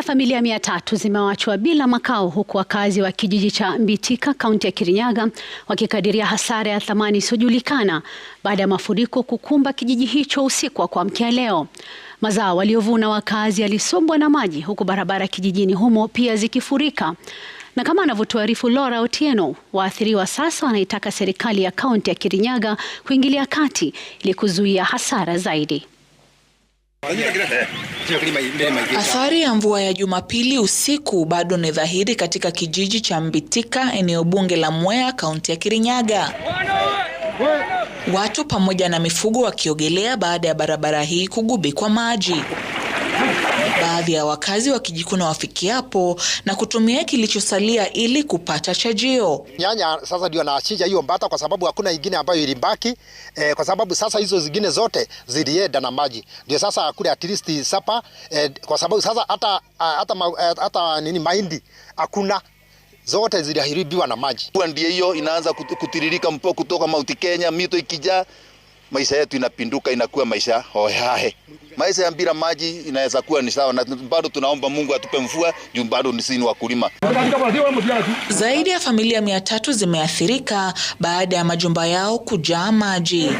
ya familia mia tatu zimewachwa bila makao huku wakazi wa kijiji cha Mbitika kaunti ya Kirinyaga wakikadiria hasara ya thamani isiyojulikana baada ya mafuriko kukumba kijiji hicho usiku wa kuamkia leo. Mazao waliovuna wakazi yalisombwa na maji huku barabara kijijini humo pia zikifurika. Na kama anavyotuarifu Laura Otieno, waathiriwa sasa wanaitaka serikali ya kaunti ya Kirinyaga kuingilia kati ili kuzuia hasara zaidi. Athari ya mvua ya Jumapili usiku bado ni dhahiri katika kijiji cha Mbitika, eneo bunge la Mwea, kaunti ya Kirinyaga. Watu pamoja na mifugo wakiogelea baada ya barabara hii kugubikwa maji baadhi ya wakazi wakijikuna hapo na kutumia kilichosalia ili kupata chajio. Nyanya sasa ndio anachinja hiyo mbata, kwa sababu hakuna ingine ambayo ilibaki e, kwa sababu sasa hizo zingine zote zilienda na maji, ndio sasa akule at least sapa e, kwa sababu sasa hata hata eh, hata nini mahindi hakuna zote ziliharibiwa na maji. Ndio hiyo inaanza kutiririka mpo kutoka Mount Kenya, mito ikijaa maisha yetu inapinduka, inakuwa maisha hohehahe. Maisha ya bila maji inaweza kuwa ni sawa, na bado tunaomba Mungu atupe mvua juu bado ni sini wakulima. Zaidi ya familia mia tatu zimeathirika baada ya majumba yao kujaa maji.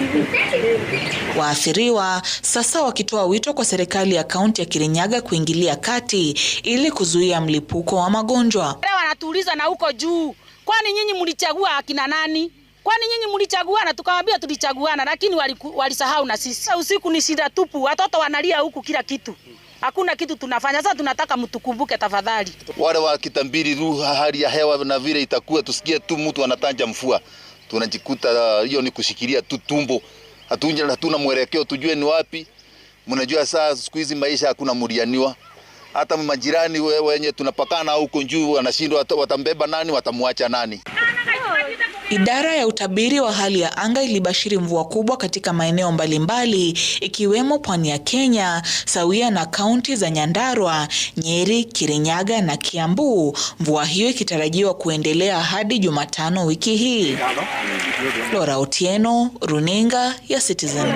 Waathiriwa sasa wakitoa wito kwa serikali ya kaunti ya Kirinyaga kuingilia kati ili kuzuia mlipuko wa magonjwa. Wanatuuliza na huko juu, kwani nyinyi mlichagua akina nani? Kwani nyinyi mlichaguana? Tukamwambia tulichaguana, lakini walisahau na sisi. Sasa usiku ni shida tupu, watoto wanalia huku, kila kitu hakuna kitu tunafanya. Sasa tunataka mtukumbuke tafadhali. Wale wa kitambiri ruha hali ya hewa na vile itakuwa, tusikie tu mtu anatanja mfua, tunajikuta ah, hiyo ni kushikilia tu tumbo, hatunja hatuna mwelekeo, tujue ni wapi. Mnajua saa siku hizi maisha hakuna mulianiwa hata majirani wenye tunapakana huko juu, anashindwa watambeba nani, watamwacha nani? Idara ya utabiri wa hali ya anga ilibashiri mvua kubwa katika maeneo mbalimbali ikiwemo pwani ya Kenya sawia na kaunti za Nyandarua, Nyeri, Kirinyaga na Kiambu, mvua hiyo ikitarajiwa kuendelea hadi Jumatano wiki hii. Flora Otieno, Runinga ya Citizen.